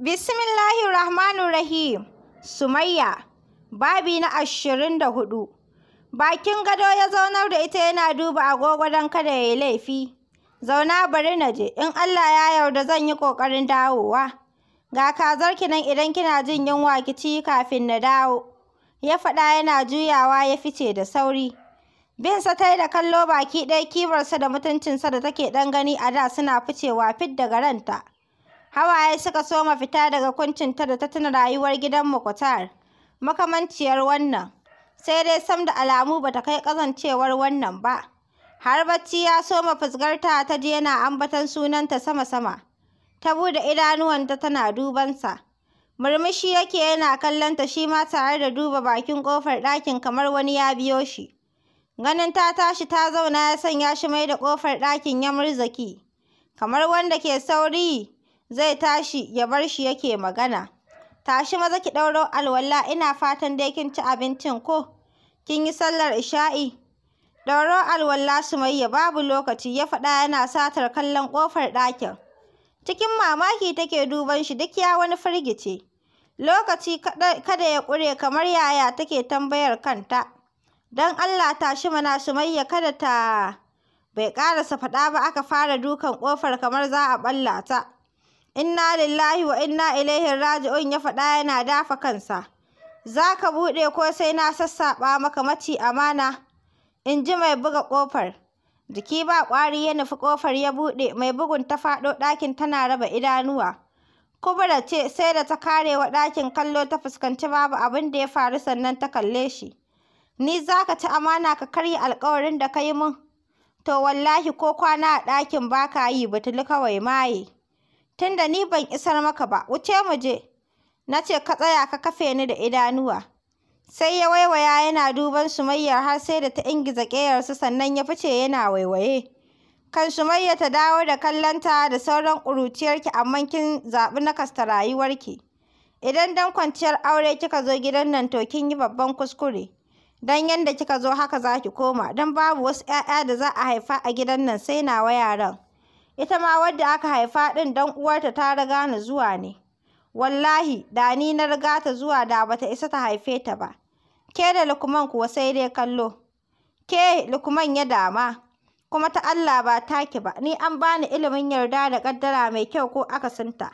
Bismillahirrahmanirrahim. Sumayya, babi na ashirin da hudu. Bakin gado ya zaunar da ita yana duba agogo don kada ya yi laifi. Zauna bari na je, in Allah ya yarda zan yi ƙoƙarin dawowa. Ga kazarki nan idan kina jin yunwa ki ci kafin na dawo. Ya faɗa yana juyawa ya fice da sauri. Binsa ta yi da kallo baki ɗaya kibarsa da mutuncinsa da take ɗan gani a da suna ficewa fit daga ranta. Hawaye suka soma fita daga kuncinta da ta tuna rayuwar gidan Mukhtar, makamanciyar wannan, sai dai sam da alamu ba ta kai kazancewar wannan ba. Har bacci ya soma fusgarta ta je yana ambaton sunanta sama-sama. Ta bude idanuwanta tana dubansa. Murmushi yake yana kallon ta shi ma tare da duba bakin kofar ɗakin kamar wani ya biyo shi. Ganin ta tashi ta zauna ya sanya shi mai da kofar ɗakin ya murzaki. Kamar wanda ke sauri zai tashi ya bar shi yake magana. Tashi maza ki ɗauro alwala ina fatan dai kin ci abincin ko? Kin yi sallar isha'i? Ɗauro alwala Sumayya babu lokaci ya faɗa yana satar kallon ƙofar ɗakin. Cikin mamaki take duban shi duk ya wani firgice. Lokaci kada ya ƙure kamar yaya take tambayar kanta. Don Allah tashi mana Sumayya kada ta... Bai ƙarasa faɗa ba aka fara dukan ƙofar kamar za a ɓalla ta. Inna lillahi wa inna ilaihi raji'un ya faɗa yana dafa kansa. Za ka buɗe ko sai na sassaɓa maka maci amana, in ji mai buga ƙofar. Jiki ba ƙwari ya nufi ƙofar ya buɗe, mai bugun ta faɗo ɗakin tana raba idanuwa. Kubura ce sai da ta kare wa ɗakin kallo ta fuskanci babu abin da ya faru sannan ta kalle shi. Ni za ka ci amana ka karya alƙawarin da ka yi min? To wallahi ko kwana a ɗakin ba ka yi, butulu kawai maye. tunda ni ban isar maka ba wuce mu je na ce ka tsaya ka kafe ni da idanuwa sai ya waiwaya yana duban sumayyar har sai da ta ingiza ƙeyarsu sannan ya fice yana waiwaye kan sumayya ta dawo da kallonta da sauran ƙuruciyarki amma kin zaɓi na kasta rayuwarki idan dan kwanciyar aure kika zo gidan nan to kin yi babban kuskure dan yanda kika zo haka za ki koma dan babu wasu 'ya'ya da za a haifa a gidan nan sai nawa yaran ita ma wadda aka haifa ɗin dan uwarta ta riga ni zuwa ne wallahi da ni na riga ta zuwa da bata isa ta haife ta ba ke da lukman kuwa sai dai kallo ke lukuman ya dama kuma ta Allah ba taki ba ni an bani ilimin yarda da kaddara mai kyau ko akasinta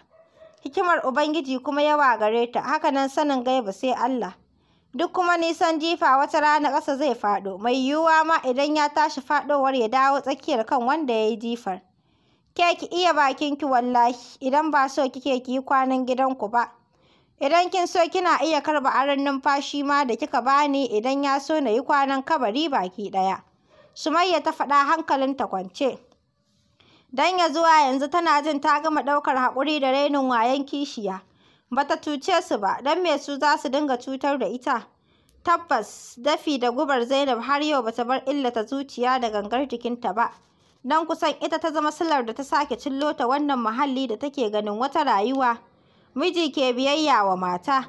hikimar ubangiji kuma yawa gare ta haka nan sanin gaiba sai Allah duk kuma nisan jifa wata rana ƙasa zai faɗo mai yiwuwa ma idan ya tashi faɗowar ya dawo tsakiyar kan wanda ya yi jifar Ke ki iya ki wallahi, idan ba so kike ki yi kwanan gidanku ba. Idan kin so kina iya karba aron numfashi ma da kika bani idan ya so na yi kwanan kabari baki ɗaya. Sumayya ta faɗa hankalin ta kwance. Dan ya zuwa yanzu tana jin ta gama ɗaukar haƙuri da rainin wayan kishiya. Bata cuce su ba, dan me su za su dinga cutar da ita. Tabbas, dafi da gubar Zainab har yau bata bar illata zuciya da gangar jikinta ba. don kusan ita ta zama silar da ta sake cillo ta wannan muhalli da take ganin wata rayuwa miji ke biyayya wa mata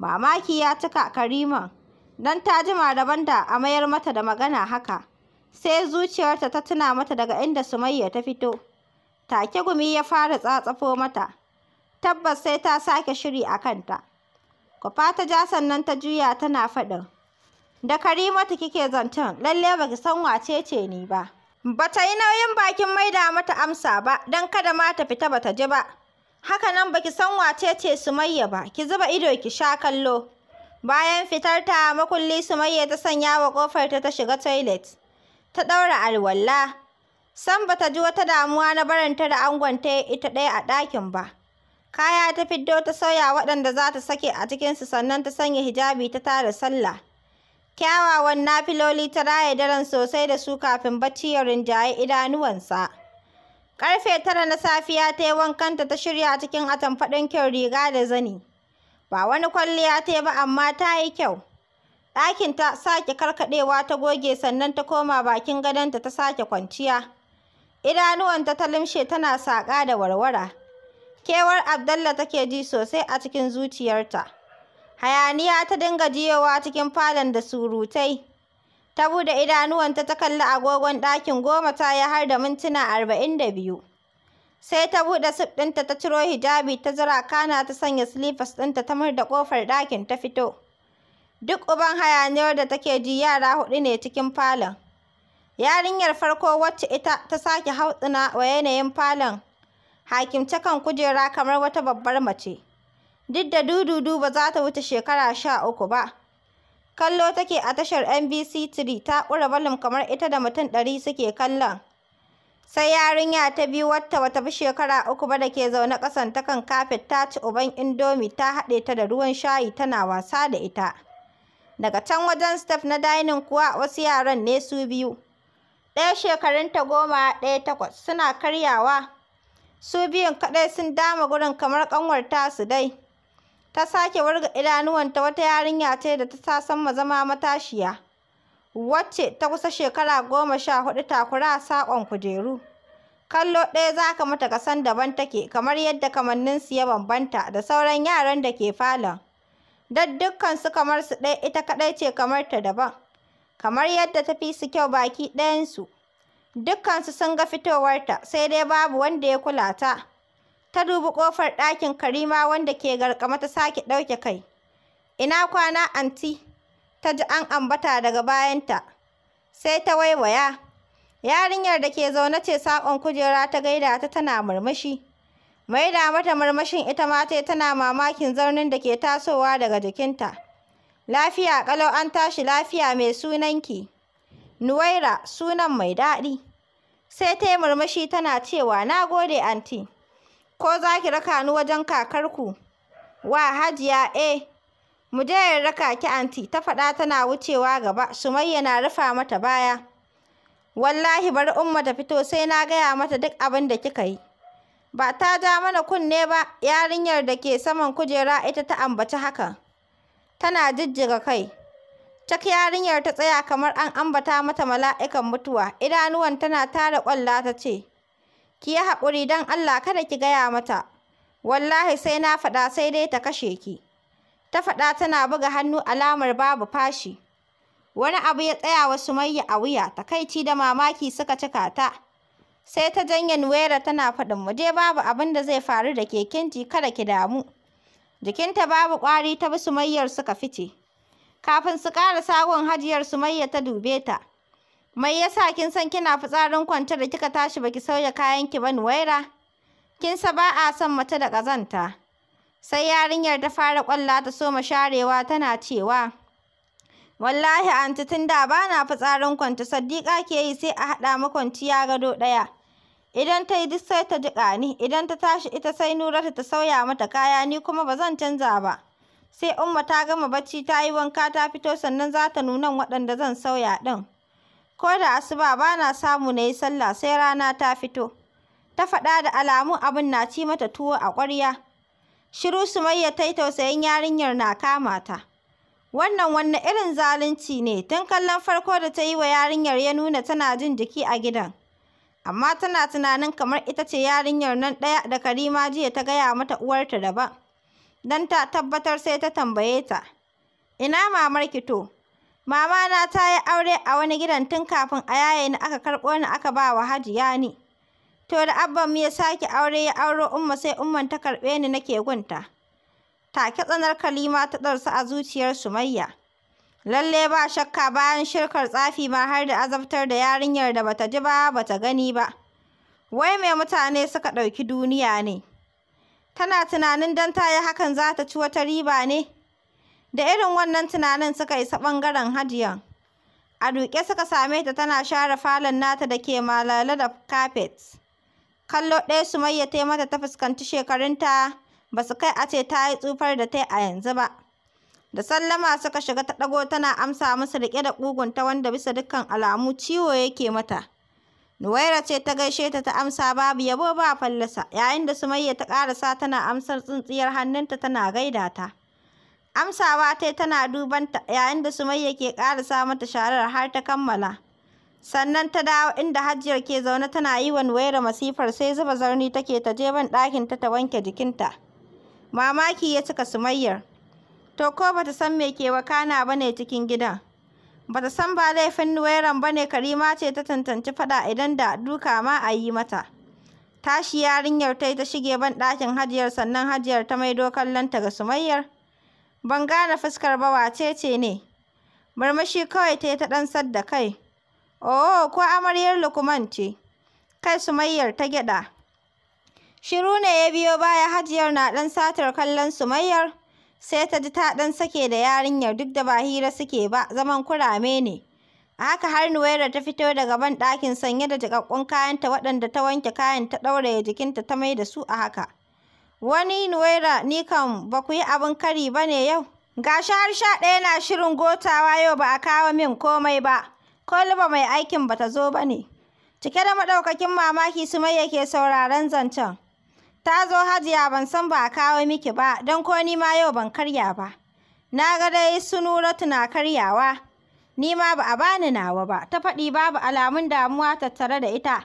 mamaki ya cika karima Dan ta jima daban da a mayar mata da magana haka sai zuciyarta ta tuna mata daga inda sumayya ta fito take gumi ya fara tsatsafo mata tabbas sai ta sake shiri a kanta kwafa ta ja sannan ta juya tana faɗin da karimatu kike zancen lalle baki san wace ce ni ba Ba ta yi nauyin bakin maida mata amsa ba, don kada ma ta fita ba ta ji ba. Haka nan baki san wace ce Sumayya ba, ki zuba ido ki sha kallo. Bayan fitar ta makulli Sumayya ta sanya wa kofar ta ta shiga toilet. Ta ɗaura alwala. san ba ta ji wata damuwa na barinta da angon ta ita ɗaya a ɗakin ba. Kaya ta fiddo ta sauya waɗanda za ta sake a cikinsu sannan ta sanya hijabi ta tara sallah. Kyawawan nafiloli ta raya daren sosai da su kafin bacci ya rinjaye idanuwansa. Karfe tara na safiya ta yi wankanta ta shirya cikin atamfaɗin kyau riga da zani. Ba wani kwalliya ta yi ba amma ta yi kyau. ɗakin ta sake karkaɗewa ta goge sannan ta koma bakin gadonta ta sake kwanciya. Idanuwanta ta limshe tana saƙa da warwara. Kewar Abdallah take ji sosai a cikin zuciyarta. Hayaniya ta dinga jiyowa cikin falon da surutai. Ta buɗe idanuwanta ta kalli agogon ɗakin goma ta yi har da mintuna arba'in da biyu. Sai ta buɗe sif ɗinta ta ciro hijabi ta zura kana ta sanya silifas ɗinta ta murda ƙofar ɗakin ta fito. Duk uban hayaniyar da take ji yara huɗu ne cikin falon. Yarinyar farko wacce ita ta sake hautsina wa yanayin falon. hakimce kan kujera kamar wata babbar mace. duk da dududu ba za ta wuce shekara sha uku ba. Kallo take a tashar MBC3 ta ƙura balim kamar ita da mutum ɗari suke kallon. Sai yarinya ta biyu wata wata bi shekara uku ba da ke zaune ƙasan ta kan kafet ta ci uban indomi ta haɗe ta da ruwan shayi tana wasa da ita. Daga can wajen staff na dining kuwa wasu yaran ne su biyu. ɗaya shekarun ta goma ɗaya takwas suna karyawa su biyun kaɗai sun dama gurin kamar ƙanwar tasu dai ta sake wurga idanuwanta wata yarinya ce da ta san ma zama matashiya wacce ta kusa shekara goma sha hudu takura saƙon kujeru kallo ɗaya za ka mata kasan daban take kamar yadda kamanninsu ya bambanta da sauran yaran da ke falon don dukkansu kamar su ɗaya ita kaɗai ce kamar ta daban kamar yadda ta fi su kyau baki ɗayansu dukkansu sun ga fitowarta sai dai babu wanda ya kula ta Ta dubi ƙofar ɗakin Karima wanda ke garkama ta sake ɗauke kai. Ina kwana anti? Ta ji an ambata daga bayanta. Sai ta waiwaya. Yarinyar da ke zaune ce saƙon kujera ta gaida ta tana murmushi. Mai da mata murmushin ita ma ta tana mamakin zaunin da ke tasowa daga jikinta. Lafiya ƙalau an tashi lafiya mai sunanki. Nuwaira sunan mai daɗi. Sai ta yi murmushi tana cewa na gode anti. ko za ki raka ni wajen kakarku? Wa Hajiya eh, mu je raka ki anti, ta faɗa tana wucewa gaba, Sumayya na rufa mata baya. Wallahi bari Umma ta fito sai na gaya mata duk abin da kika yi. Ba ta ja mana kunne ba, yarinyar da ke saman kujera ita ta ambaci haka. Tana jijjiga kai. Cak yarinyar ta tsaya kamar an ambata mata mala'ikan mutuwa, idanuwan tana tara ƙwalla ta ce, ki yi haƙuri don Allah kada ki gaya mata wallahi sai na faɗa sai dai ta kashe ki ta faɗa tana buga hannu alamar babu fashi wani abu ya tsaya wa Sumayya a wuya takaici da mamaki suka cika ta sai ta janye Nuwera tana faɗin mu je babu abin da zai faru da kekenti kada ki damu jikinta babu ƙwari ta bi Sumayyar suka fice kafin su ƙara sagon hajiyar Sumayya ta dube ta Mai yasa kin san kina fitsarin kwance da kika tashi baki sauya kayan ki ba Nuwaira? Kin sa ba a son mace da ƙazanta. Sai yarinyar ta fara kwalla ta soma sharewa tana cewa, Wallahi anti tun da ba na fitsarin kwance saddiqa ke yi sai a haɗa mu kwanciya gado ɗaya. Idan ta yi duk sai ta jiƙa ni, idan ta tashi ita sai nura ta sauya mata kaya ni kuma ba zan canza ba. Sai Umma ta gama bacci ta yi wanka ta fito sannan za ta nunan waɗanda zan sauya ɗin. ko da asuba ba na samu na yi sallah sai rana ta fito. Ta faɗa da alamun abin na ci mata tuwo a ƙwarya. Shiru su ta yi tausayin yarinyar na kama ta. Wannan wanne irin zalunci ne tun kallon farko da ta yi wa yarinyar ya nuna tana jin jiki a gidan. Amma tana tunanin kamar ita ce yarinyar nan ɗaya da Karima jiya ta gaya mata uwarta daban. Don ta tabbatar sai ta tambaye ta. Ina mamar ki to? Mamana ta yi aure a wani gidan tun kafin a yaye ni aka karɓo ni aka ba wa Hajiya ni. To da abbanmu ya sake aure ya auro Umma sai Umman ta karɓe ni nake gunta. Take tsanar Kalima ta ɗarsu a zuciyar Sumayya. Lalle ba shakka bayan shirkar tsafi ma har da azabtar da yarinyar da bata ji ba bata gani ba. Wai mai mutane suka ɗauki duniya ne. Tana tunanin don ta yi hakan za ta ci wata riba ne. Da irin wannan tunanin suka isa ɓangaren Hajiyan. A duke suka same ta tana share falon nata da ke malale da kafet. Kallo ɗaya Sumayya ta mata ta fuskanci shekarunta ba su kai a ce ta yi tsufar da ta yi a yanzu ba. Da sallama suka shiga ta ɗago tana amsa musu riƙe da ƙugunta wanda bisa dukkan alamu ciwo yake mata. Nuwaira ce ta gaishe ta ta amsa babu yabo ba fallasa yayin da Sumayya ta ƙarasa tana amsar tsintsiyar hannunta tana gaida ta. Amsawa ta tana duban yayin da Sumayya ke ƙarasa mata sharar har ta kammala. Sannan ta dawo inda Hajiyar ke zaune tana yi wa Nuwaira masifar sai zuba zarni take ta je ban ɗakin ta ta wanke jikinta. Mamaki ya cika Sumayyar. To ko bata san me ke wakana bane cikin gidan. Bata san ba laifin Nuwairan bane Karima ce ta tantance fada idan da duka ma a yi mata. Tashi yarinyar ta yi ta shige ban ɗakin Hajiyar sannan Hajiyar ta maido kallon ta ga Sumayyar. Ban gane fuskar ba wace ce ne? Murmushi kawai ta yi ta ɗan da kai. Oh, ko amaryar Lukman ce? Kai Sumayyar ta gyaɗa. Shiru ne ya biyo baya Hajiyar na ɗan satar kallon Sumayyar. Sai ta ji ta ɗan sake da yarinyar duk da ba hira suke ba, zaman kurame ne. A haka har Nuwaira ta fito daga ban ɗakin sanye da jikakkun kayanta waɗanda ta wanke kayan ta ɗauraye jikinta ta mai da su a haka. Wani Nuwera ni kam ba ku yi abin kari ba ne yau. Ga shi har sha ɗaya na shirin gotawa yau ba a kawo min komai ba. Koliba mai aikin ba ta zo ba ne. Cike da maɗaukakin mamaki su mai yake sauraron zancen. Ta zo hajiya ban san ba a kawo miki ba don ko ni ma yau ban karya ba. Na ga dai su Nura tuna karyawa. Ni ma ba a bani nawa ba. Ta faɗi babu alamun damuwa tattare da ita.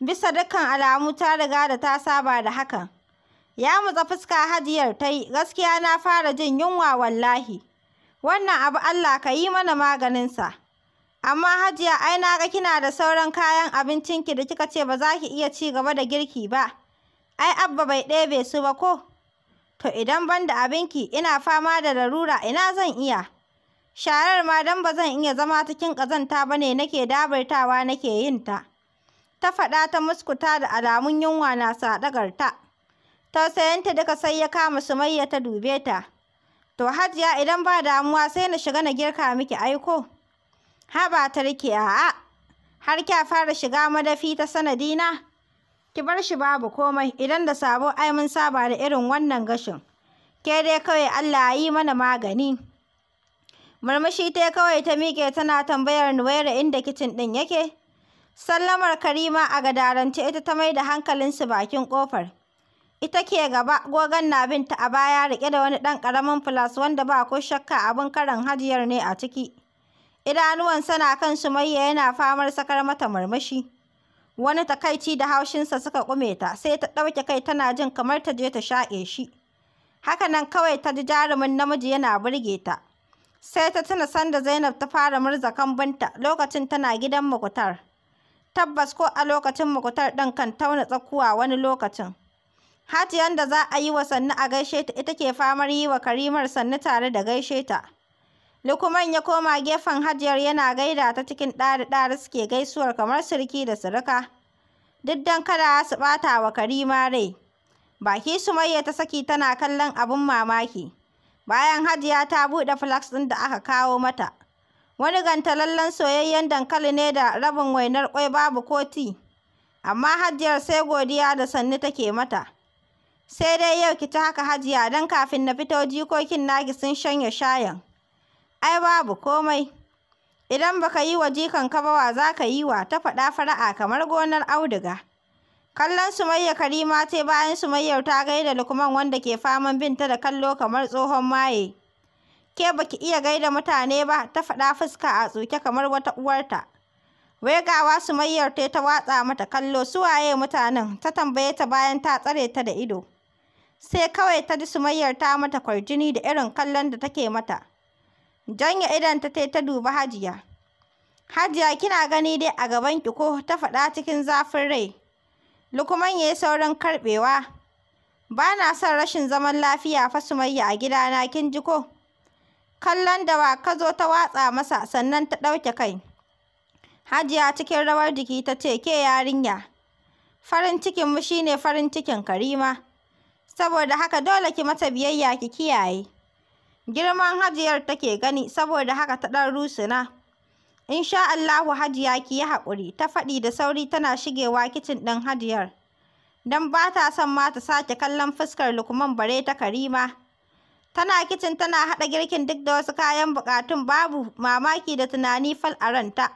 Bisa dukkan alamu ta riga da ta saba da hakan. Ya mutsa fuska Hadiyar ta yi, gaskiya na fara jin yunwa wallahi. Wannan abu Allah ka yi mana maganinsa. Amma Hajiya ai na ga kina da sauran kayan abincin ki da kika ce ba za ki iya ci gaba da girki ba. Ai Abba bai ɗebe su ba ko? To idan ban da abinki ina fama da larura ina zan iya. Sharar ma dan ba zan iya zama cikin ƙazanta ba ne nake dabartawa nake yin ta. Ta faɗa ta muskuta da alamun yunwa na sadagarta ta duka sai ya kama Sumayya ta dube ta. To Hajiya idan ba damuwa sai na shiga na girka miki aiko. Haba ta rike a'a. Har kya fara shiga madafi ta sanadina? Ki bar shi babu komai idan da sabo ai mun saba da irin wannan gashin. Ke dai kawai Allah ya yi mana magani. Murmushi ta kawai ta miƙe tana tambayar Nuwaira inda kicin ɗin yake. Sallamar Karima a gadarance ita ta mai da hankalinsu bakin kofar. ita ke gaba gogon na binta a baya rike da wani ɗan ƙaramin filas wanda ba ko shakka abin karan hajiyar ne a ciki idanuwan sana kan maiya yana famar sakar mata murmushi wani takaici da haushinsa suka kume ta sai ta ɗauke kai tana jin kamar ta je ta shaƙe shi haka nan kawai ta ji jarumin namiji yana burge ta sai ta tuna sanda zainab ta fara murza kambunta lokacin tana gidan mukutar tabbas ko a lokacin mukutar ɗin kan tauna tsakuwa wani lokacin Hajiyar da za a yi wa sannu a gaishe ta ita ke famar yi wa Karimar sannu tare da gaishe ta. Lukman ya koma gefen Hajiyar yana gaida ta cikin ɗari-ɗari suke gaisuwar kamar sirki da sirika. Duk don kada su ɓata wa Karima rai. Baki Sumayya ta saki tana kallon abin mamaki. Bayan Hajiya ta buɗe flax ɗin da aka kawo mata. Wani gantalallen soyayyen dankali ne da rabin wainar ƙwai babu koti. Amma Hajiyar sai godiya da sannu take mata. Sai dai yau ki ta haka hajiya don kafin na fito jikokin naki sun shanya shayan. Ai babu komai. Idan baka yi wa jikan ba wa za ka yi wa ta faɗa fara'a kamar gonar auduga. Kallon Sumayya Karima ce bayan Sumayyar ta gaida Lukman wanda ke faman binta da kallo kamar tsohon maye. Ke baki iya gaida mutane ba ta faɗa fuska a tsuke kamar wata uwarta. Wegawa Sumayyar ta ta watsa mata kallo su waye mutanen ta tambaye ta bayan ta tsare ta da ido. sai kawai ta ji sumayyar ta mata kwarjini da irin kallon da take mata janya idan ta ta duba hajiya hajiya kina gani dai a gaban ki ko ta faɗa cikin zafin rai Lukman ya yi saurin karɓewa ba na son rashin zaman lafiya fa sumayya a gidana kin ji ko kallon da ba ka zo ta watsa masa sannan ta ɗauke kai hajiya cikin rawar jiki ta ce ke yarinya farin cikin mu shine farin cikin karima saboda haka dole ki mata biyayya ki kiyaye. Girman Hajiyar take gani saboda haka ta ɗan rusuna. in sha Allahu Hajiya ki yi haƙuri, ta faɗi da sauri tana shigewa kicin ɗin Hajiyar. Dan ba ta son ma ta sake kallon fuskar Lukman bare ta Karima. Tana kicin tana haɗa girkin duk da wasu kayan buƙatun babu mamaki da tunani fal a ranta.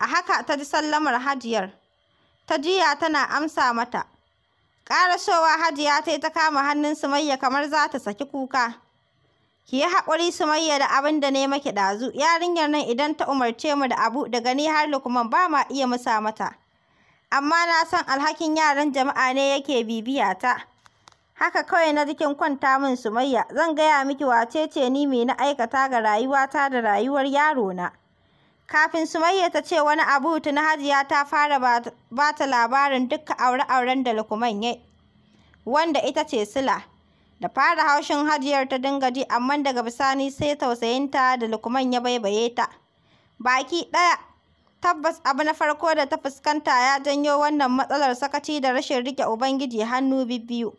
A haka ta ji sallamar Hajiyar. Ta jiya tana amsa mata. Ƙarasowa Hajiya ta yi ta kama hannun Sumayya kamar za ta saki kuka. Ki yi haƙuri Sumayya da abin da ne maki ɗazu, yarinyar nan idan ta umarce mu da abu daga ni har Lukman ba ma iya musa mata. Amma na san alhakin yaran jama'a ne yake bibiya ta. Haka kawai na jikin kwanta min Sumayya, zan gaya miki wacece ni me na aikata ga rayuwata da rayuwar yaro na? Kafin Sumayya ta ce wani abu tuni Hajiya ta fara ba ta labarin dukkan aure-auren da lukuman ya wanda ita ce Sila. Da fara haushin Hajiyar ta dinga ji amma daga bisani sai tausayinta da Lukman ya baibaye ta. Baki ɗaya tabbas abu na farko da ta fuskanta ya janyo wannan matsalar sakaci da rashin rike Ubangiji hannu bibbiyu.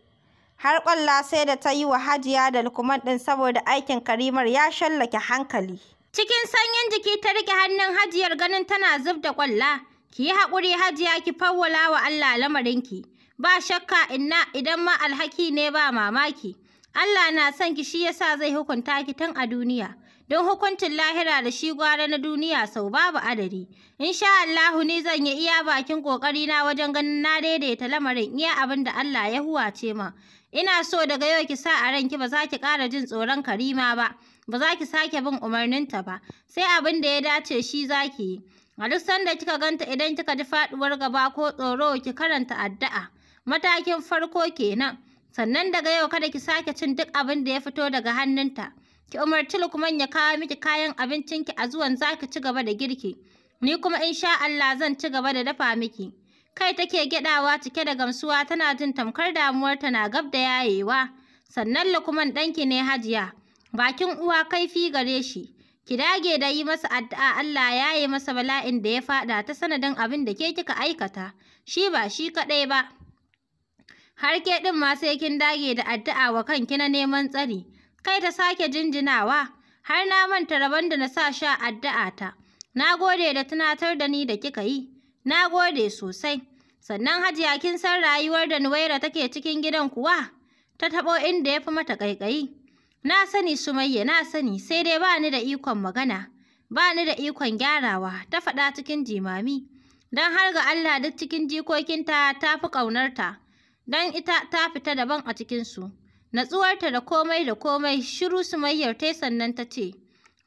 Har ƙwalla sai da ta yi wa Hajiya da Lukman ɗin saboda aikin Karimar ya shallake hankali. Cikin sanyin jiki ta riƙe hannun Hajiyar ganin tana zub da ƙwalla. Ki yi haƙuri Hajiya ki fawwala wa Allah lamarinki. Ba shakka inna idan ma alhaki ne ba mamaki. Allah na son ki shi yasa zai hukunta ki tun a duniya. Don hukuncin lahira da shi gwara na duniya sau babu adadi. Insha Allahu ni zan yi iya bakin na wajen ganin na daidaita lamarin iya abin da Allah ya huwace ma. Ina so daga yau ki sa a ranki ba za ki ƙara jin tsoron Karima ba. ba za ki sake bin umarninta ba sai abin da ya dace shi za ki yi a duk sanda kika ganta idan kika ji faɗuwar gaba ko tsoro ki karanta addu'a matakin farko kenan sannan daga yau kada ki sake cin duk abin da ya fito daga hannunta ki umarci lukman ya kawo miki kayan abincinki a zuwan za ki ci gaba da girki ni kuma in sha Allah zan ci gaba da dafa miki kai take gyaɗawa cike da gamsuwa tana jin tamkar damuwarta na gab da yayewa sannan lukman ɗanki ne hajiya bakin uwa kaifi gare shi ki dage da yi masa addu'a Allah ya yi masa bala'in da ya faɗa ta sanadin abin da ke kika aikata shi ba shi kaɗai ba har ke ɗin ma sai kin dage da addu'a wa kanki na neman tsari kai ta sake jinjinawa har na manta rabon da na sa sha addu'a ta na gode da tunatar da ni da kika yi na gode sosai sannan hajiya kin san rayuwar da Nuwaira take cikin gidan kuwa ta taɓo inda ya fi mata ƙaiƙayi Na sani Sumayya, na sani, sai dai ba ni da ikon magana, ba ni da ikon gyarawa, ta faɗa cikin jimami. Don har ga Allah duk cikin jikokinta ta fi ƙaunarta, don ita ta fita daban a cikinsu. Natsuwarta da komai da komai, shiru Sumayyar ta sannan ta ce,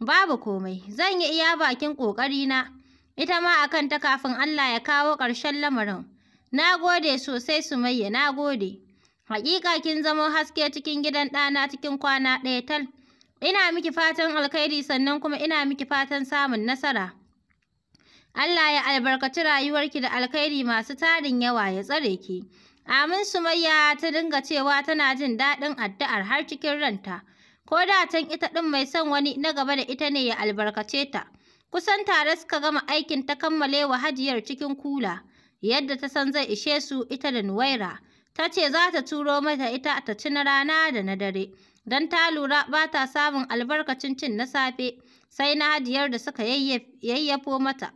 Babu komai, zan yi iya bakin ƙoƙarina, ita ma a kanta kafin Allah ya kawo ƙarshen lamarin. Na gode sosai Sumayya, na gode. Hakika kin zamo haske cikin gidan ɗana cikin kwana ɗaya tal. Ina miki fatan alkhairi sannan kuma ina miki fatan samun nasara. Allah ya albarkaci rayuwarki da alkhairi masu tarin yawa ya tsare ki. Amin Sumayya ta dinga cewa tana jin daɗin addu'ar har cikin ranta. Ko da can ita ɗin mai son wani na gaba da ita ne ya albarkace ta. Kusan tare suka gama aikin ta kammale wa hajiyar cikin kula. Yadda ta san zai ishe su ita da Nuwaira. ta ce za ta turo mata ita ta ci na rana da na dare don ta lura ba ta samun albarkacin cin na safe sai na hajiyar da suka yayyafo mata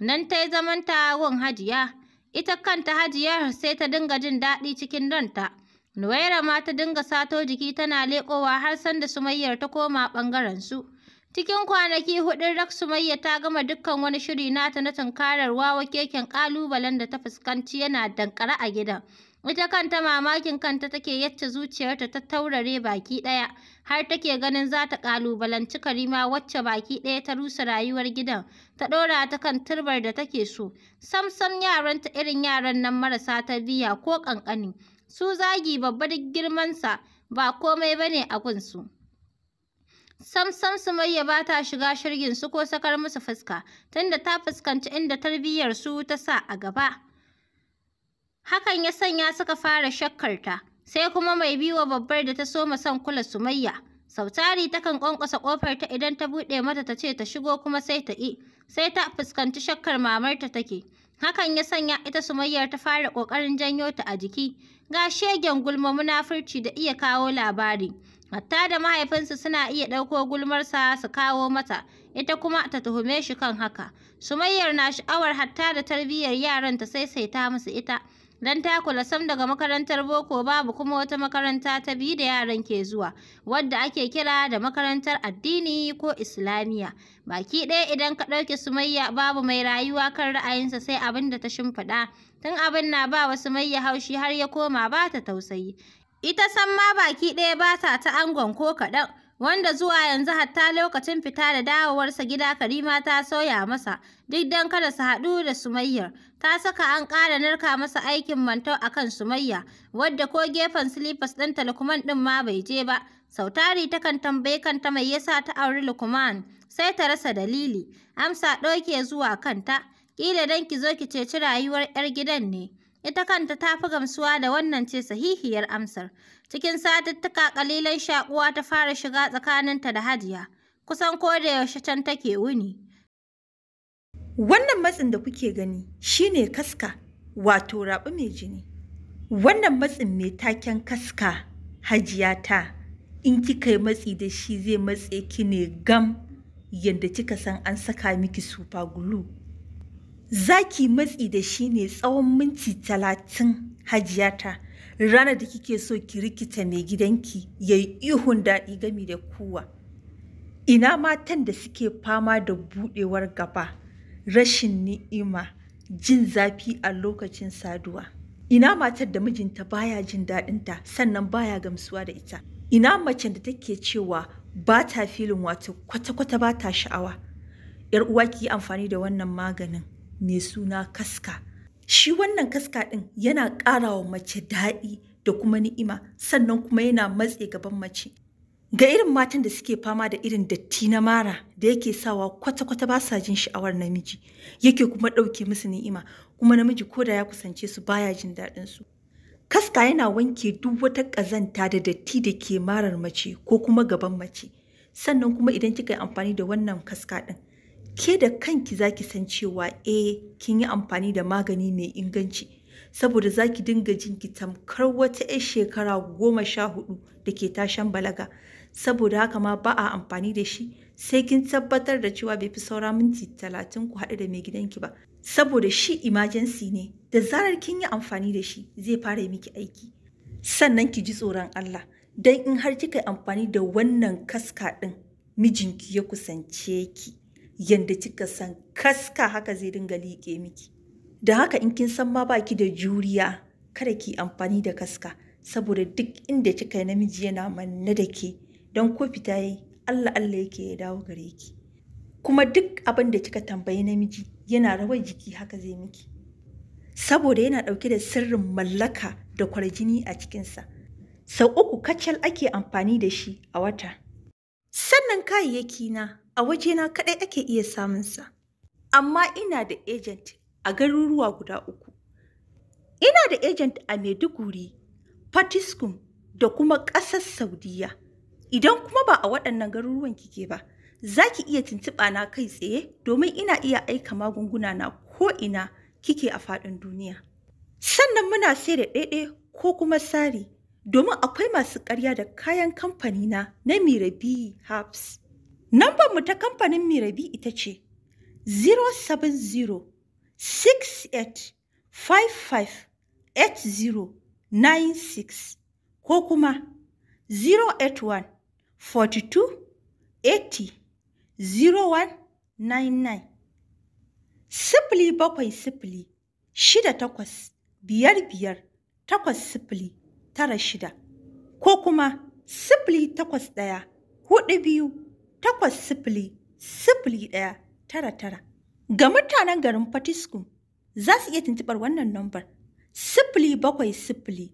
nan ta yi zaman ta hajiya ita kanta hajiyar sai ta dinga jin daɗi cikin ranta nuwaira ma ta dinga sato jiki tana leƙowa har sanda sumayyar ta koma ɓangaren su Cikin kwanaki hudun rak Sumayya ta gama dukkan wani shiri nata na tunkarar wawa keken kalubalen da ta fuskanci yana dankare a gidan. Ita kanta mamakin kanta take yacce zuciyarta ta taurare baki ɗaya, har take ganin za ta ƙalubalanci Karima wacce baki ɗaya ta rusa rayuwar gidan, ta ɗora ta kan turbar da take so. Samsam yaranta irin yaran nan marasa tarbiyya ko ƙanƙani, su zagi babba duk girmansa ba komai bane a gunsu. Samsam Sumayya ba ta shiga shirgin su ko sakar musu fuska, tunda ta fuskanci inda tarbiyyar su ta sa a gaba. Hakan ya sanya suka fara shakkarta, sai kuma mai biwa babbar da ta soma son kula Sumayya. Sautari takan ƙwanƙwasa ƙofar ta idan ta buɗe mata ta ce ta shigo kuma sai ta ƙi, sai ta fuskanci shakkar mamarta take. Hakan ya sanya ita Sumayyar ta fara ƙoƙarin janyo ta a jiki, ga shegen gulma munafurci da iya kawo labari. Hatta da mahaifinsu suna iya ɗauko gulmarsa su kawo mata, ita kuma ta tuhume shi kan haka. Sumayyar na sha'awar hatta da tarbiyyar yaranta sai sai ta musu ita. don takula sam daga makarantar boko babu kuma wata makaranta ta biyu da yaran ke zuwa wadda ake kira da makarantar addini ko islamiyya baki ɗaya idan ka ɗauke sumayya babu mai rayuwa kan ra'ayinsa sai abin da ta shimfiɗa tun abin na ba wa sumayya haushi har ya koma ba ta tausayi ita san ma baki ɗaya ba ta ta angon ko kaɗan wanda zuwa yanzu hatta lokacin fita da dawowarsa gida Karima ta soya masa duk don kada su haɗu da Sumayyar ta saka an ƙara narka masa aikin mantau kan Sumayya wadda ko gefen silifas ɗin Lukman ɗin ma bai je ba Sautari takan tambayi kanta mai yasa ta auri Lukman sai ta rasa dalili amsa ɗauke zuwa kanta ƙila dan ki zo ki ceci rayuwar 'yar gidan ne ita kanta ta fi gamsuwa da wannan ce sahihiyar amsar Cikin satuttuka ƙalilan shakuwa ta fara shiga tsakaninta da Hajiya, kusan ko da yaushe can take wuni. Wannan matsin da kuke gani shine kaska, wato raɓi mai jini. Wannan matsin mai taken kaska, Hajiya ta, in kika yi matsi da shi zai matse ki ne gam yadda kika san an saka miki super gulu Za matsi da shi ne tsawon minti talatin Hajiya ta. ranar da kike so ki rikita mai gidanki ya yi ihun daɗi gami da kowa. ina matan da suke fama da buɗewar gaba rashin ni'ima jin zafi a lokacin saduwa ina matar da mijinta baya jin daɗinta sannan baya gamsuwa da ita ina macen da take cewa ba ta filin wato kwata-kwata ba ta sha'awa 'yar uwa ki yi amfani da wannan maganin mai suna kaska shi wannan kaska ɗin yana ƙarawa mace daɗi da kuma ni'ima sannan kuma yana matse gaban mace ga irin matan da suke fama da irin datti na mara da yake sawa kwata-kwata ba sa jin sha'awar namiji yake kuma ɗauke musu ni'ima kuma namiji ko da ya kusance su baya jin daɗin su kaska yana wanke duk wata ƙazanta da datti da ke marar mace ko kuma gaban mace sannan kuma idan kika yi amfani da wannan kaska ɗin ke da kanki zaki san cewa eh kin yi amfani da magani mai inganci saboda zaki dinga jin tamkar wata 'yar shekara goma sha hudu da ke tashan balaga saboda haka ma ba a amfani da shi sai kin tabbatar da cewa bai fi saura minti talatin ku haɗu da mai gidanki ba saboda shi imajensi ne da zarar kin yi amfani da shi zai fara miki aiki sannan ki ji tsoron Allah don in har kika amfani da wannan kaska ɗin mijinki ya kusance ki yanda kika san kaska haka zai dinga liƙe miki da haka in kin san ma baki da juriya kada ki amfani da kaska saboda duk inda kika yi namiji yana manne da ke don ko fita yi Allah Allah yake ya dawo gare ki kuma duk abin da kika tambayi namiji yana rawar jiki haka zai miki saboda yana ɗauke da sirrin mallaka da kwarjini a cikinsa sau uku kacal ake amfani da shi a wata sannan kayayyaki na a wajena kaɗai ake iya samunsa. Amma ina da agent a garuruwa guda uku. Ina da agent a Maiduguri, Fatiskum da kuma ƙasar Saudiya. Idan kuma ba a waɗannan garuruwan kike ba, za ki iya tuntuɓa na kai tsaye domin ina iya aika magunguna na ko ina kike a faɗin duniya. Sannan muna sai da ɗaiɗai ko kuma sari domin akwai masu ƙarya da kayan kamfanina na Mirabi Herbs. Nambar mu ta kamfanin Mirabi ita ce 070-6855-8096 ko kuma 081-42-80-0199. Sifili bakwai sifili shida takwas biyar biyar takwas sifili tara shida ko kuma sifili takwas ɗaya huɗu biyu takwas sifili sifili ɗaya tara tara. Ga mutanen garin Fatiskum za su iya tuntuɓar wannan nambar sifili bakwai sifili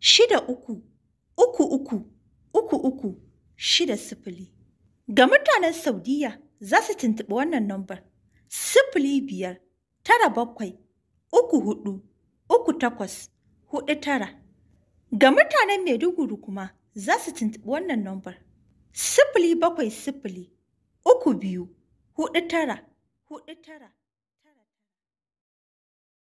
shida uku uku uku uku uku shida sifili. Ga mutanen Saudiya za su tuntuɓi wannan nambar sifili biyar tara bakwai uku hudu uku takwas hudu tara. Ga mutanen Maiduguri kuma za su tuntuɓi wannan nambar sifili bakwai sifili uku biyu huɗu tara huɗu tara.